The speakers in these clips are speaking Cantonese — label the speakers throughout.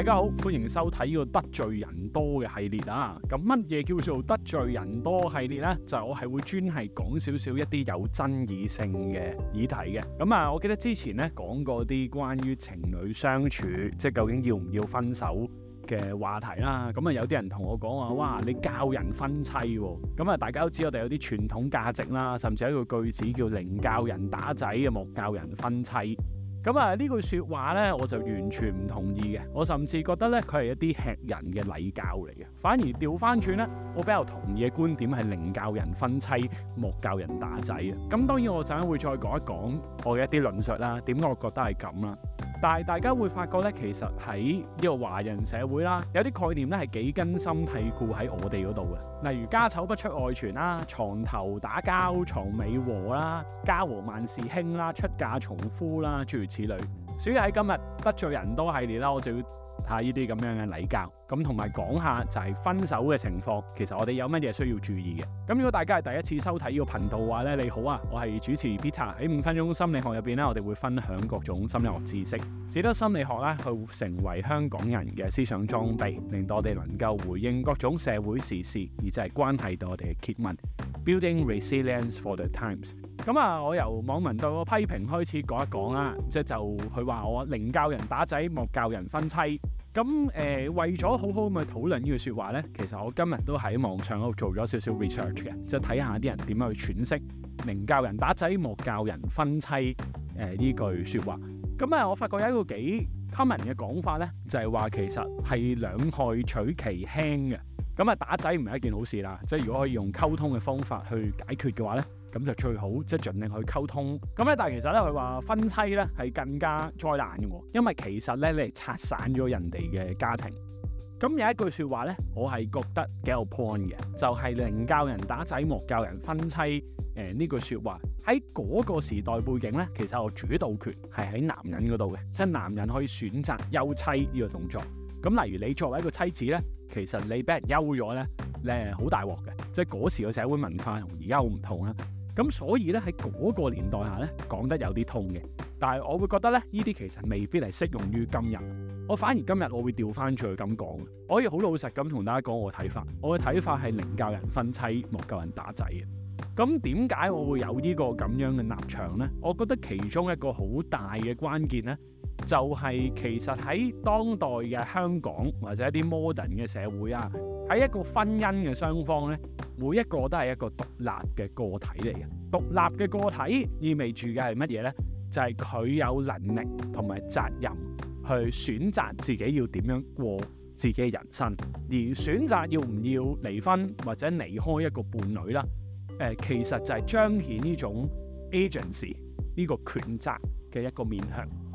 Speaker 1: 大家好，歡迎收睇呢個得罪人多嘅系列啊！咁乜嘢叫做得罪人多系列呢？就係我係會專係講少少一啲有爭議性嘅議題嘅。咁啊，我記得之前呢講過啲關於情侶相處，即係究竟要唔要分手嘅話題啦。咁啊，有啲人同我講話，哇，你教人分妻喎？咁啊，大家都知我哋有啲傳統價值啦，甚至有一個句子叫：寧教人打仔，啊莫教人分妻。咁啊呢句説話呢，我就完全唔同意嘅。我甚至覺得呢，佢係一啲吃人嘅禮教嚟嘅。反而調翻轉呢，我比較同意嘅觀點係寧教人分妻，莫教人打仔啊。咁、嗯、當然我陣間會再講一講我嘅一啲論述啦。點解我覺得係咁啦。但係大家會發覺咧，其實喺呢個華人社會啦，有啲概念咧係幾根深蒂固喺我哋嗰度嘅，例如家醜不出外傳啦，牀頭打交床尾和啦，家和萬事興啦，出嫁從夫啦，諸如此類。所以喺今日得罪人多系列啦，我就要下呢啲咁樣嘅禮教。咁同埋講下就係分手嘅情況，其實我哋有乜嘢需要注意嘅？咁如果大家係第一次收睇呢個頻道嘅話咧，你好啊，我係主持 Peter。喺五分鐘心理學入邊咧，我哋會分享各種心理學知識，使得心理學咧去成為香港人嘅思想裝備，令到我哋能夠回應各種社會時事，而就係關係到我哋嘅揭問，Building Resilience for the Times。咁啊，我由網民對我批評開始講一講啦，即係就佢話我寧教人打仔，莫教人分妻。咁誒、呃，為咗好好咁去討論呢句説話咧，其實我今日都喺網上度做咗少少 research 嘅，就睇下啲人點樣去詮釋「明教人打仔，莫教人分妻」誒、呃、呢句説話。咁啊，我發覺有一個幾 common 嘅講法咧，就係話其實係兩害取其輕嘅。咁啊，打仔唔係一件好事啦，即係如果可以用溝通嘅方法去解決嘅話咧。咁就最好，即係盡量去溝通。咁咧，但係其實咧，佢話分妻咧係更加災難嘅喎，因為其實咧你係拆散咗人哋嘅家庭。咁有一句説話咧，我係覺得幾有 point 嘅，就係、是、寧教人打仔，莫教人分妻。誒、呃、呢句説話喺嗰個時代背景咧，其實我主導權係喺男人嗰度嘅，即、就、係、是、男人可以選擇休妻呢個動作。咁例如你作為一個妻子咧，其實你俾人休咗咧，咧好大鑊嘅。即係嗰時嘅社會文化同而家好唔同啦。咁所以咧，喺嗰個年代下咧講得有啲痛嘅，但係我會覺得咧，呢啲其實未必係適用於今日。我反而今日我會調翻出去咁講，我可以好老實咁同大家講我睇法。我嘅睇法係寧教人分妻，莫教人打仔嘅。咁點解我會有呢個咁樣嘅立場呢？我覺得其中一個好大嘅關鍵呢，就係、是、其實喺當代嘅香港或者一啲 modern 嘅社會啊。喺一個婚姻嘅雙方咧，每一個都係一個獨立嘅個體嚟嘅。獨立嘅個體意味住嘅係乜嘢咧？就係、是、佢有能力同埋責任去選擇自己要點樣過自己嘅人生，而選擇要唔要離婚或者離開一個伴侶啦。誒、呃，其實就係彰顯呢種 agency 呢個權責嘅一個面向。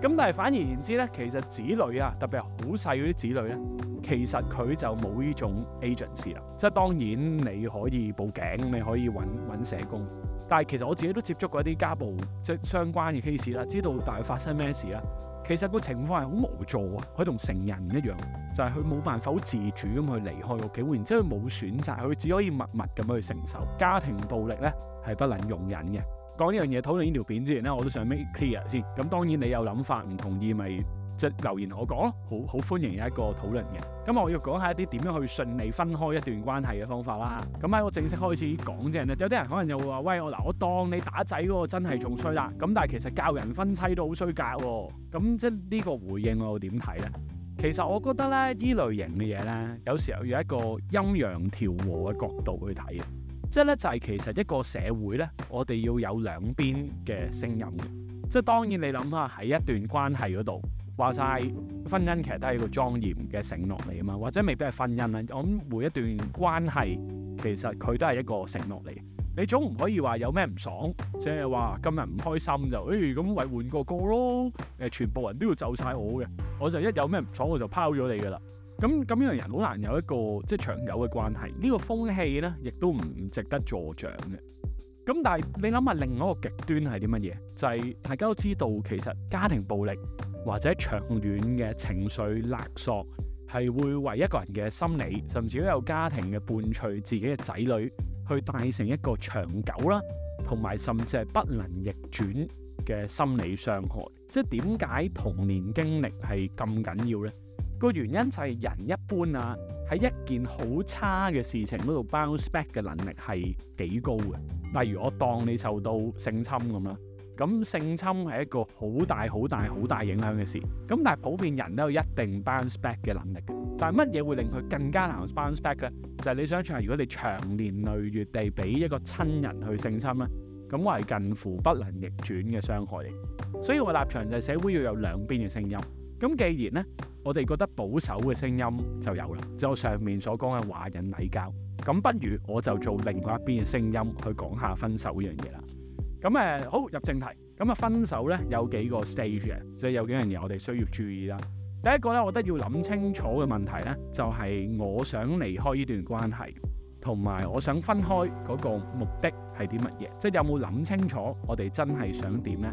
Speaker 1: 咁但係反而言之咧，其實子女啊，特別係好細嗰啲子女咧，其實佢就冇呢種 agency 啦。即係當然你可以報警，你可以揾揾社工。但係其實我自己都接觸過一啲家暴即係相關嘅 case 啦，知道但係發生咩事啦。其實個情況係好無助啊，佢同成人一樣，就係佢冇辦法好自主咁去離開屋企，然之後佢冇選擇，佢只可以默默咁去承受。家庭暴力咧係不能容忍嘅。講呢樣嘢討論呢條片之前咧，我都想 make clear 先。咁當然你有諗法唔同意，咪即係留言我講咯，好好歡迎有一個討論嘅。咁我要講下一啲點樣去順利分開一段關係嘅方法啦。咁喺我正式開始講之前呢，有啲人可能又會話：喂，我嗱我當你打仔嗰個真係仲衰啦。咁但係其實教人分妻都好衰格。咁即係呢個回應我又點睇咧？其實我覺得咧，呢類型嘅嘢咧，有時候用一個陰陽調和嘅角度去睇嘅。即係咧，就係其實一個社會咧，我哋要有兩邊嘅聲音嘅。即係當然你諗下喺一段關係嗰度，話晒婚姻其實都係一個莊嚴嘅承諾嚟啊嘛，或者未必係婚姻啦。我諗每一段關係其實佢都係一個承諾嚟，你總唔可以話有咩唔爽，即係話今日唔開心就誒咁咪換個歌咯，誒全部人都要就晒我嘅，我就一有咩唔爽我就拋咗你噶啦。咁咁樣人好難有一個即係長久嘅關係，呢個風氣呢亦都唔值得助長嘅。咁但係你諗下，另外一個極端係啲乜嘢？就係大家都知道，其實家庭暴力或者長遠嘅情緒勒索，係會為一個人嘅心理，甚至有家庭嘅伴隨自己嘅仔女，去帶成一個長久啦，同埋甚至係不能逆轉嘅心理傷害。即係點解童年經歷係咁緊要呢？個原因就係人一般啊，喺一件好差嘅事情嗰度 bounce back 嘅能力係幾高嘅。例如我當你受到性侵咁啦，咁性侵係一個好大、好大、好大、大影響嘅事。咁但係普遍人都有一定 bounce back 嘅能力嘅。但係乜嘢會令佢更加難 bounce back 咧？就係、是、你想住，如果你長年累月地俾一個親人去性侵咧，咁我係近乎不能逆轉嘅傷害嚟。所以我立場就係社會要有兩邊嘅聲音。咁既然呢。我哋覺得保守嘅聲音就有啦，就上面所講嘅華人禮教，咁不如我就做另外一邊嘅聲音去講一下分手呢樣嘢啦。咁誒、呃，好入正題，咁啊，分手呢，有幾個 stage 嘅、啊，即係有幾樣嘢我哋需要注意啦。第一個呢，我覺得要諗清楚嘅問題呢，就係、是、我想離開呢段關係，同埋我想分開嗰個目的係啲乜嘢，即係有冇諗清楚我哋真係想點呢？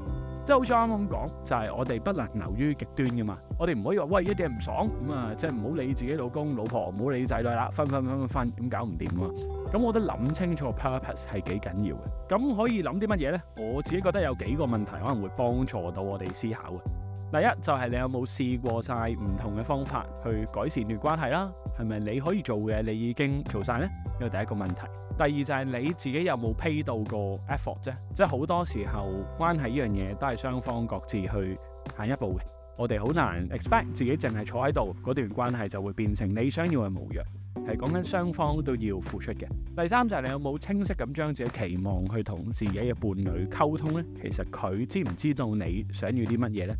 Speaker 1: 即係好似啱啱咁講，就係我哋不能流於極端嘅嘛。我哋唔可以話喂，一啲人唔爽咁啊，即係唔好理自己老公老婆，唔好理仔女啦，分分分分分，咁搞唔掂啊！咁我覺得諗清楚 purpose 係幾緊要嘅。咁可以諗啲乜嘢咧？我自己覺得有幾個問題可能會幫助到我哋思考嘅。第一就係你有冇試過晒唔同嘅方法去改善段關係啦？係咪你可以做嘅你已經做晒呢？呢個第一個問題。第二就係你自己有冇 pay 到個 effort 啫？即係好多時候關係呢樣嘢都係雙方各自去行一步嘅。我哋好難 expect 自己淨係坐喺度，嗰段關係就會變成你想要嘅模樣。係講緊雙方都要付出嘅。第三就係你有冇清晰咁將自己期望去同自己嘅伴侶溝通呢？其實佢知唔知道你想要啲乜嘢呢？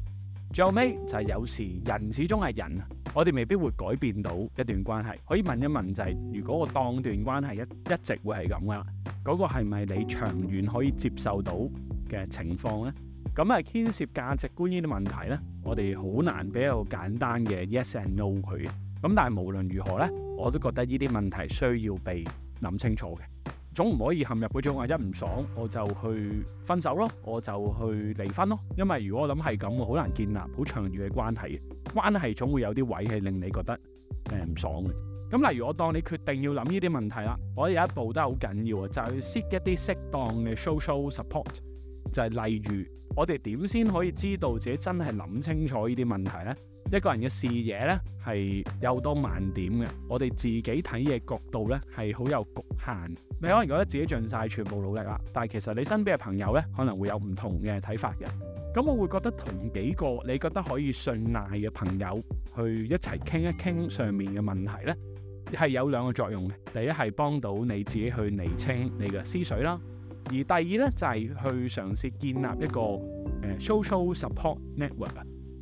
Speaker 1: 最後尾就係有時人始終係人啊，我哋未必會改變到一段關係。可以問一問就係，如果我當段關係一一直會係咁噶啦，嗰個係咪你長遠可以接受到嘅情況呢？咁啊，牽涉價值觀呢啲問題呢，我哋好難畀一個簡單嘅 yes and no 佢。咁但係無論如何呢，我都覺得呢啲問題需要被諗清楚嘅。總唔可以陷入嗰種，一唔爽我就去分手咯，我就去離婚咯。因為如果我諗係咁，好難建立好長遠嘅關係嘅。關係總會有啲位係令你覺得誒唔、呃、爽嘅。咁、嗯、例如我當你決定要諗呢啲問題啦，我有一步都係好緊要啊，就係 seek 一啲適當嘅 social support，就係、是、例如我哋點先可以知道自己真係諗清楚呢啲問題呢？一個人嘅視野呢係有多慢點好多盲點嘅，我哋自己睇嘢角度呢係好有局限。你可能覺得自己盡晒全部努力啦，但係其實你身邊嘅朋友呢可能會有唔同嘅睇法嘅。咁我會覺得同幾個你覺得可以信賴嘅朋友去一齊傾一傾上面嘅問題呢係有兩個作用嘅。第一係幫到你自己去釐清你嘅思緒啦，而第二呢就係、是、去嘗試建立一個、呃、social support network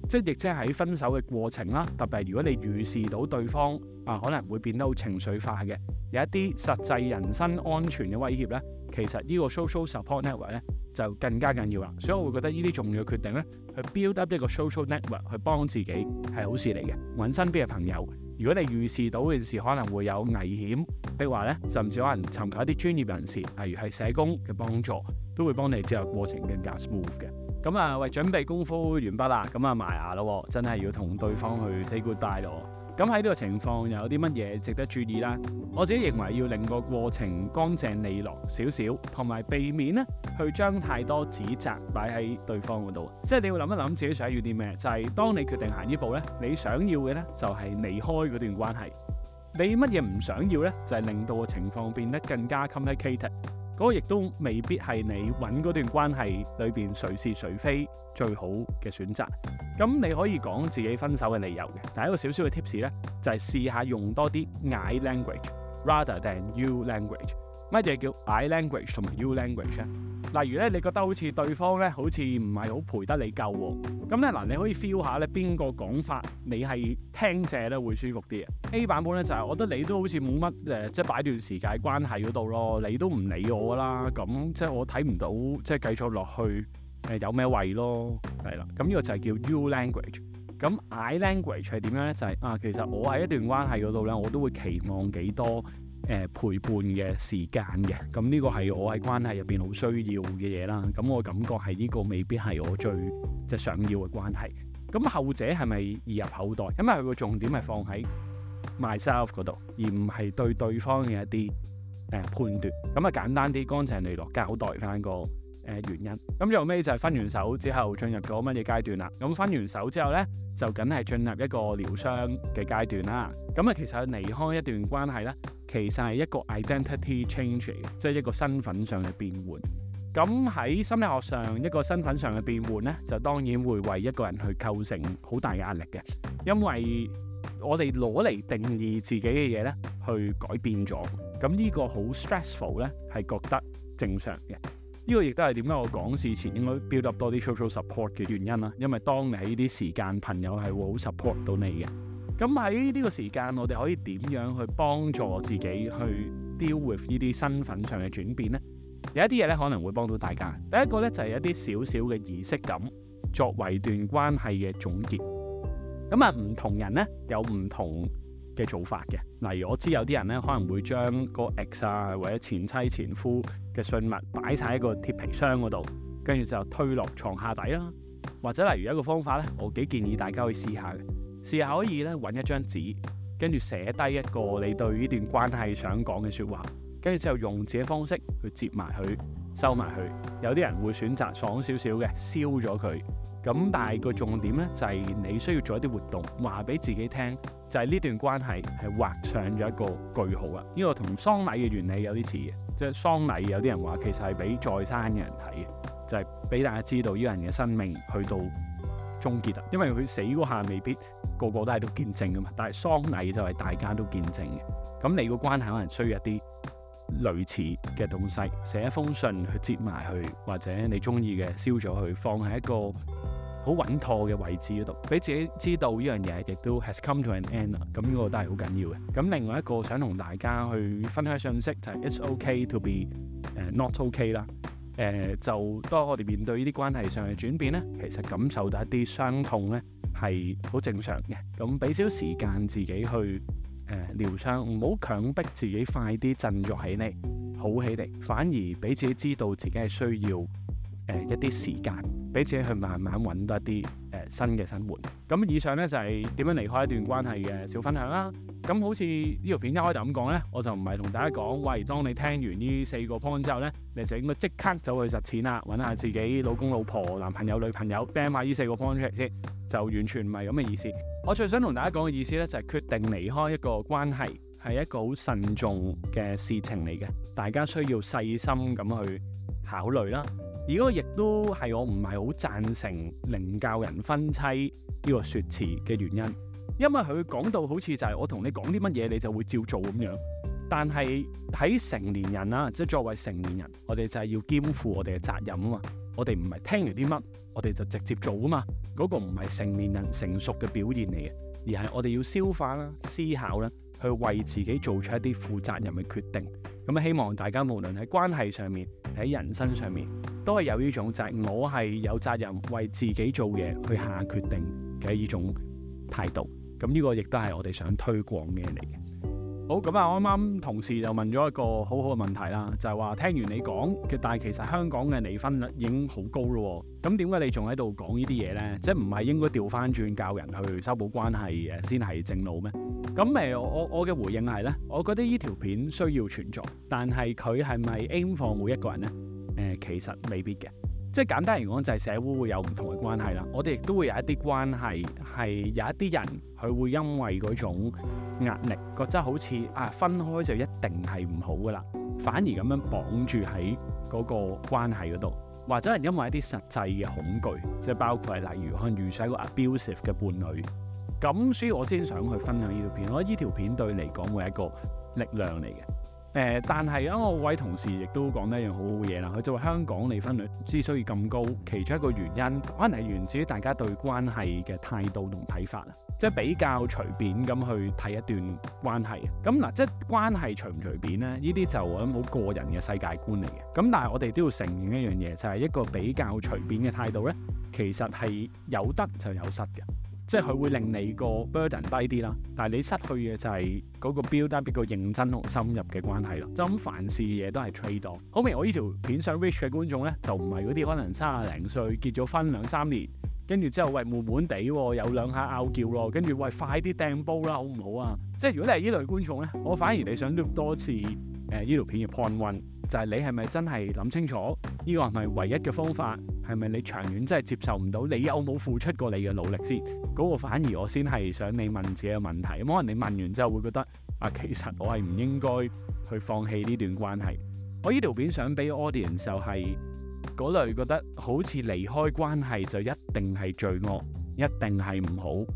Speaker 1: 即係亦即係喺分手嘅過程啦，特別係如果你預視到對方啊，可能會變得好情緒化嘅，有一啲實際人身安全嘅威脅咧，其實呢個 social support network 咧就更加緊要啦。所以我會覺得呢啲重要嘅決定咧，去 build up 一個 social network 去幫自己係好事嚟嘅。揾身邊嘅朋友，如果你預視到嘅時可能會有危險，譬如話咧，甚至可能尋求一啲專業人士，例如係社工嘅幫助。都會幫你之後過程更加 smooth 嘅。咁啊，喂，準備功夫完畢啦，咁啊埋牙咯，真係要同對方去 say goodbye 咯。咁喺呢個情況又有啲乜嘢值得注意啦？我自己認為要令個過程乾淨利落少少，同埋避免呢去將太多指責擺喺對方嗰度。即係你要諗一諗自己想要啲咩，就係當你決定行呢步呢，你想要嘅呢就係離開嗰段關係。你乜嘢唔想要呢，就係令到個情況變得更加 complicated。嗰個亦都未必係你揾嗰段關係裏邊誰是誰非最好嘅選擇。咁你可以講自己分手嘅理由嘅。但係一個少少嘅 tips 呢，就係、是、試下用多啲 I language，rather than U language。乜嘢叫 I language 同埋 U language 呢？例如咧，你覺得好似對方咧，好似唔係好陪得你夠喎。咁咧嗱，你可以 feel 下咧，邊個講法你係聽者咧會舒服啲啊？A 版本咧就係，我覺得你都好似冇乜誒，即係擺段時間關係嗰度咯，你都唔理我啦。咁即係我睇唔到，即係繼續落去誒、呃、有咩位咯。係啦，咁呢個就係叫 You language。咁 I language 係點樣咧？就係、是、啊，其實我喺一段關係嗰度咧，我都會期望幾多，誒、呃、陪伴嘅時間嘅，咁、嗯、呢、這個係我喺關係入邊好需要嘅嘢啦。咁、嗯、我感覺係呢個未必係我最即係想要嘅關係。咁、嗯、後者係咪移入口袋？因為佢個重點係放喺 myself 嗰度，而唔係對對方嘅一啲誒、呃、判斷。咁、嗯、啊簡單啲乾淨利落交代翻個。誒，原因咁最後尾就係分完手之後進入咗乜嘢階段啦？咁分完手之後呢，就梗係進入一個療傷嘅階段啦。咁啊，其實離開一段關係呢，其實係一個 identity change，即係、就是、一個身份上嘅變換。咁喺心理學上，一個身份上嘅變換呢，就當然會為一個人去構成好大嘅壓力嘅，因為我哋攞嚟定義自己嘅嘢呢，去改變咗，咁呢個好 stressful 呢，係覺得正常嘅。呢個亦都係點解我講事前應該 build up 多啲 social support 嘅原因啦，因為當你喺呢啲時間，朋友係會好 support 到你嘅。咁喺呢個時間，我哋可以點樣去幫助自己去 deal with 呢啲身份上嘅轉變呢？有一啲嘢咧可能會幫到大家。第一個咧就係一啲少少嘅儀式感，作為段關係嘅總結。咁啊，唔同人咧有唔同嘅做法嘅，例如我知有啲人咧可能會將個 ex 啊或者前妻前夫嘅信物擺晒喺個鐵皮箱嗰度，跟住就推落床下底啦。或者例如一個方法咧，我幾建議大家可以試下嘅，試下可以咧揾一張紙，跟住寫低一個你對呢段關係想講嘅説話，跟住之後用自己方式去摺埋佢、收埋佢。有啲人會選擇爽少少嘅燒咗佢。咁但係個重點咧就係、是、你需要做一啲活動，話俾自己聽，就係、是、呢段關係係畫上咗一個句號啊！呢、這個同喪禮嘅原理有啲似嘅，即係喪禮有啲人話其實係俾在生嘅人睇嘅，就係、是、俾大家知道呢個人嘅生命去到終結啊，因為佢死嗰下未必個個都喺度見證噶嘛，但係喪禮就係大家都見證嘅。咁你個關係可能需要一啲類似嘅東西，寫一封信去接埋去，或者你中意嘅燒咗去，放喺一個。好穩妥嘅位置嗰度，俾自己知道呢樣嘢亦都 has come to an end 啦。咁呢個都係好緊要嘅。咁另外一個想同大家去分享信息就係 it's okay to be not okay 啦。誒、呃、就當我哋面對呢啲關係上嘅轉變呢，其實感受到一啲傷痛呢係好正常嘅。咁俾少時間自己去誒、呃、療傷，唔好強逼自己快啲振作起嚟、好起嚟，反而俾自己知道自己係需要。誒、呃、一啲時間俾自己去慢慢揾到一啲誒、呃、新嘅生活。咁以上呢，就係、是、點樣離開一段關係嘅小分享啦。咁好似呢條片一開頭咁講呢，我就唔係同大家講喂，當你聽完呢四個 point 之後呢，你就應該即刻走去實踐啦，揾下自己老公、老婆、男朋友、女朋友，apply 呢四個 point 出嚟先，就完全唔係咁嘅意思。我最想同大家講嘅意思呢，就係、是、決定離開一個關係係一個好慎重嘅事情嚟嘅，大家需要細心咁去考慮啦。而嗰個亦都係我唔係好贊成凌教人分妻呢個說辭嘅原因，因為佢講到好似就係我同你講啲乜嘢，你就會照做咁樣。但係喺成年人啦，即係作為成年人，我哋就係要肩負我哋嘅責任啊嘛。我哋唔係聽完啲乜，我哋就直接做啊嘛。嗰個唔係成年人成熟嘅表現嚟嘅，而係我哋要消化啦、思考啦，去為自己做出一啲負責任嘅決定。咁希望大家無論喺關係上面，喺人生上面，都係有呢種責任，就是、我係有責任為自己做嘢去下決定嘅呢種態度。咁、這、呢個亦都係我哋想推廣嘅嘢嚟嘅。好，咁啊，我啱啱同事就問咗一個好好嘅問題啦，就係、是、話聽完你講嘅，但係其實香港嘅離婚率已經好高咯。咁點解你仲喺度講呢啲嘢呢？即係唔係應該調翻轉教人去修補關係嘅先係正路咩？咁誒，我我嘅回應係呢：我覺得呢條片需要存在，但係佢係咪 aim 放每一個人呢？誒、呃、其實未必嘅，即係簡單嚟講就係、是、社會會有唔同嘅關係啦。我哋亦都會有一啲關係係有一啲人佢會因為嗰種壓力，覺得好似啊分開就一定係唔好噶啦，反而咁樣綁住喺嗰個關係嗰度，或者係因為一啲實際嘅恐懼，即係包括係例如可能遇上一個 abusive 嘅伴侶，咁所以我先想去分享呢條片，我覺得呢條片對你嚟講會係一個力量嚟嘅。呃、但係，因為我位同事亦都講咗一樣好好嘢啦。佢就話香港離婚率之所以咁高，其中一個原因可能係源自於大家對關係嘅態度同睇法啦，即係比較隨便咁去睇一段關係。咁嗱，即係關係隨唔隨便呢？呢啲就係好個人嘅世界觀嚟嘅。咁但係我哋都要承認一樣嘢，就係、是、一個比較隨便嘅態度呢，其實係有得就有失嘅。即係佢會令你個 burden 低啲啦，但係你失去嘅就係嗰個 build up 個認真同深入嘅關係咯。就咁凡事嘢都係 trade off。好明我呢條片想 reach 嘅觀眾咧，就唔係嗰啲可能三廿零歲結咗婚兩三年，跟住之後喂，悶悶地、哦，有兩下拗撬咯，跟住喂，快啲掟煲啦，好唔好啊？即係如果你係呢類觀眾咧，我反而你想 loop 多次誒呢條片嘅 point one。就係你係咪真係諗清楚？呢、這個係咪唯一嘅方法？係咪你長遠真係接受唔到？你有冇付出過你嘅努力先？嗰、那個反而我先係想你問自己嘅問題。可能你問完之後會覺得，啊，其實我係唔應該去放棄呢段關係。我呢條片想俾 audience 就係、是、嗰類覺得好似離開關係就一定係罪惡，一定係唔好。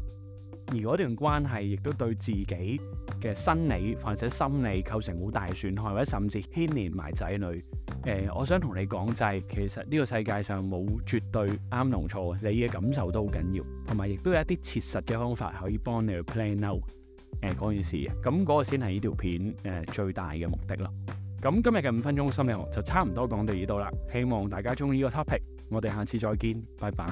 Speaker 1: 而嗰段關係亦都對自己嘅生理或者心理構成好大損害，或者甚至牽連埋仔女。誒、呃，我想同你講就係、是，其實呢個世界上冇絕對啱同錯，你嘅感受都好緊要，同埋亦都有一啲切實嘅方法可以幫你去 plan out 誒嗰件事嘅。咁、那、嗰個先係呢條片誒、呃、最大嘅目的咯。咁今日嘅五分鐘心理學就差唔多講到呢度啦。希望大家中意呢個 topic，我哋下次再見，拜拜。